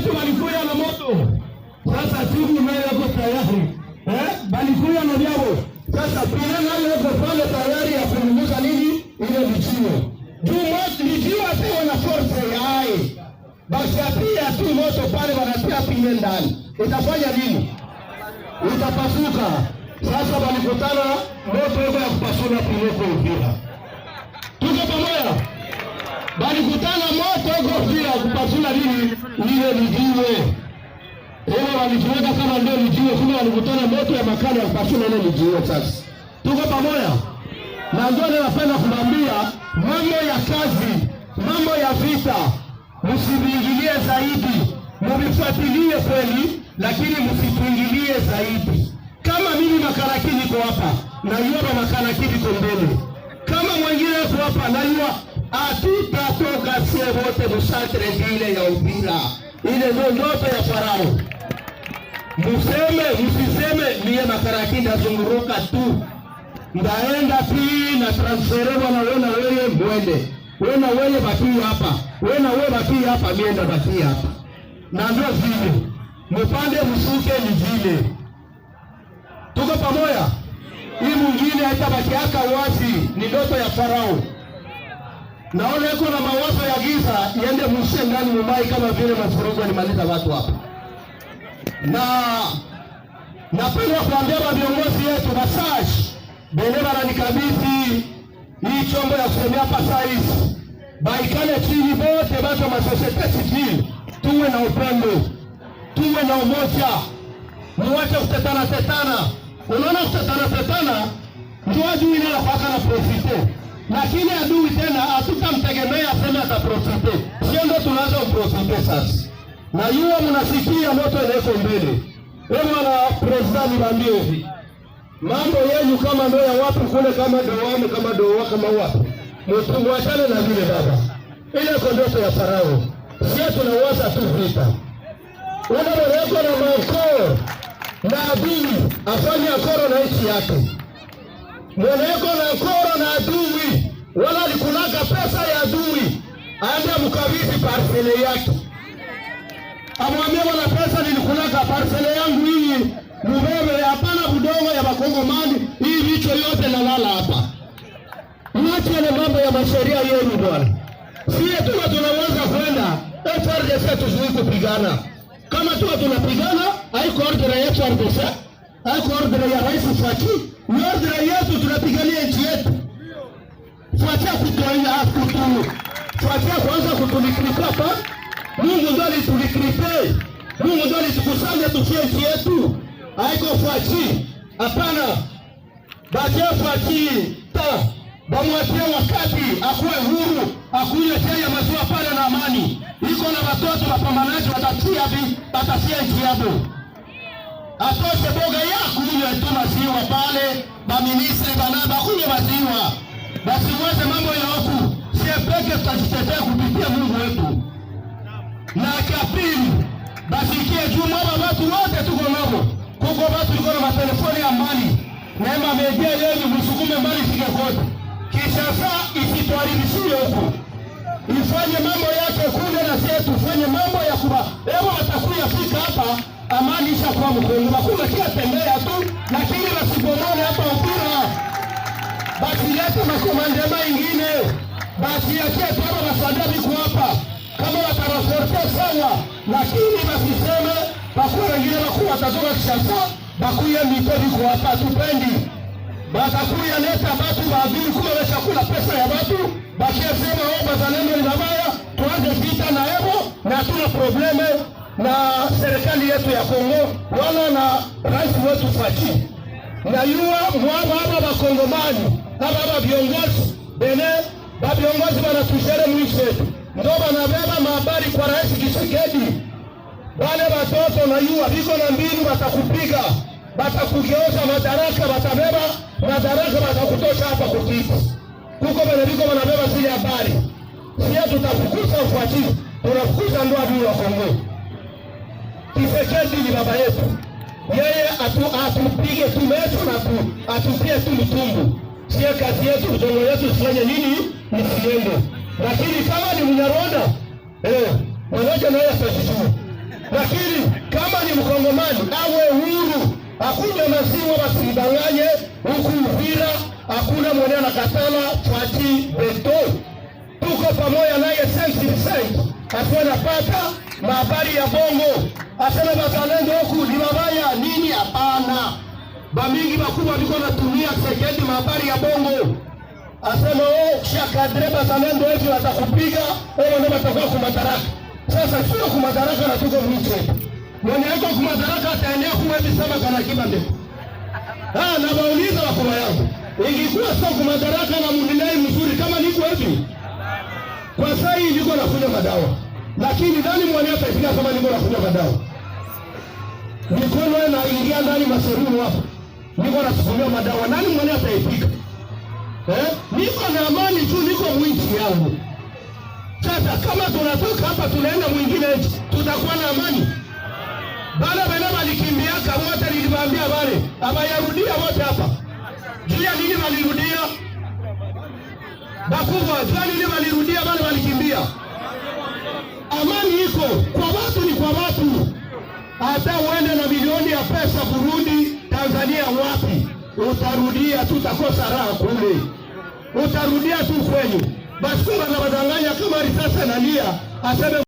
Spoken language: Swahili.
Yesu walikuya na moto, sasa siku nayo yako tayari eh, balikuya na jabo, sasa pia nayo yako pale tayari ya kuunguza nini ile vichio juu moto, vijiwe sio na force yae basi pia tu moto pale wanatia pinge ndani, itafanya nini? Itapasuka. Sasa walikutana moto ile ya kupasuna pia kwa Uvira walikutana moto gofia kupasula lili lile lijiwe ewe, walijiweka kama ndio lijiwe, kumbe walikutana moto ya makali kupasula ile lijiwe. Sasa tuko pamoja na ndio ninapenda kumwambia mambo ya kazi, mambo ya vita msiviingilie zaidi, muvifuatilie kweli, lakini msituingilie zaidi. Kama mimi makarakini kwa hapa, naiona makarakini kwa mbele, kama mwengine yuko hapa naiwa hatutatoka sie wote musantre vile ya Uvira, ile ndio ndoto ya Farao. Museme msiseme niye makaraki ndazunguruka tu ndaenda pii na we na wena weye we wena weye bakii hapa na weye bakii hapa mienda bakii hapa na ndio vile mupande musuke ni vile tuko pamoja. Hii mwingine hata bakiaka wazi ni ndoto ya Farao. Naona yako na mawazo ya giza iende mwishie ndani Mumbai, kama vile mafurugu alimaliza watu hapa, na napenda kuambia viongozi yetu Basash bendera na nikabidhi hii chombo ya kusemea pasais baikale chini bote bato masosiete sijili, tuwe na upendo, tuwe na umoja, muwache kutetana tetana. Unaona kutetana tetana ndio ajui ile nafaka na profite lakini adui tena hatutamtegemea tena ataprofite, sio ndo tunaanza kuprofite sasa. Na yuwa mnasikia moto eneko mbele. Wewe wana president niambie hivi. Mambo yenyu kama ndo ya wapi kule kama doamu kama doa kama wapi. Mtu na vile baba. Ile kondoto ya Farao. Sisi tunawaza tu vita. Ule na mkoo na adui afanye akoro na nchi yake. Mwanako na koro na adui wala alikulaga pesa ya adui, aende amkabidhi parcele yake, amwambie wala pesa nilikulaga parcele yangu hii mubebe, hapana budogo ya bakongomani hii, vicho yote nalala hapa. Mwache ile mambo ya masheria yenu bwana, sie tuko tunaweza kwenda FRDC, tuzui kupigana kama tuko tunapigana, haiko ordre ya FRDC, haiko ordre ya Rais Faki tulikripe hapa. Mungu ndio alitukripe, Mungu ndio alitukusanya tufie nchi yetu, haiko fwachi hapana, bachefachi ta bamwatia wakati akuwe huru, akunywe chai ya maziwa pale na amani. Iko na watoto wapambanaji watatia vi watatia nchi yabo, atoshe boga ya kunywe tu maziwa pale, baministri bana bakunywe maziwa, basiwaze mambo ya huku, sie peke tutajitetea huko watu liko na matelefoni ya mbali, neema amejia yenu, msukume mbali sike kote, kisha saa isitwaribishie huko, ifanye mambo yake kule na sisi tufanye mambo ya kuba Hebu watakuya fika hapa, amani isha kwa mkono makume kia tembea tu, lakini wasipomone hapa upira basi yake makomandema ingine basi yakie tama wasadabi hapa, kama wataraforte sana, lakini sema bakuwa wengine bakuwa watatoka kisasa bakuya mikodi kuwapa, tupendi batakuya leta batu baadili, kuma bashakula pesa ya batu, bakia sema o oh, bazalendo ni mabaya, tuanze vita na evo na tuna probleme na serikali yetu ya Kongo wala na rais wetu Faki na yuwa mwababa bakongomani na baba viongozi bene ba viongozi banatushele mwishetu ndo banabeba mahabari kwa rais Tshisekedi wale watoto najua viko na mbinu, watakupiga watakugeuza madaraka, watabeba madaraka, watakutosha hapa kutipa Kuko vene viko wanabeba zile habari, Sia tutafukuza ufuatili, tunafukuza ndoa juu wa Kongo. Kisekedi ni baba yetu, yeye atupige atu tumetu na atupie tu mtumbu. Sia kazi yetu, mtongo yetu sifanye nini, nisiende. Lakini kama ni Mnyarwanda eh, mmoja naye atajijua lakini kama ni mkongomani awe huru, hakunywa maziwa wasimdanganye huku Uvira, hakuna mwenye anakatala twati beto, tuko pamoja naye asiwe napata mahabari ya bongo asana bazalendo huku ni mabaya nini? Hapana, bamingi bakubwa viko natumia sekedi mahabari ya bongo asema oh, shakadre bazalendo eti watakupiga, wao ndio watakuwa sasa sio kumadaraka na tuko mwitu mwenye yako kumadaraka ataendea kuwebi sama kana kiba ndefu ah na bauliza wakoma yangu Ingekuwa sio kumadaraka na mundinai mzuri kama niko hivi kwa sasa hii niko nakunywa madawa lakini nani mwenye atafikia kama niko nakunywa madawa mikono inaingia ndani maserumu hapo niko nasukumia madawa nani mwenye ataifika eh niko na amani tu niko mwinchi yangu hata kama tunatoka hapa tunaenda mwingine eti tutakuwa na amani. Bana bana balikimbiaka wote niliwaambia wale abayarudia wote hapa. Jua nini walirudia? Bakubwa, jua nini walirudia Bale walikimbia. Amani iko kwa watu ni kwa watu. Hata uende na milioni ya pesa Burundi, Tanzania wapi? Utarudia tutakosa raha kule. Utarudia tu kwenyu basi badanganya kama risasi nalia aseme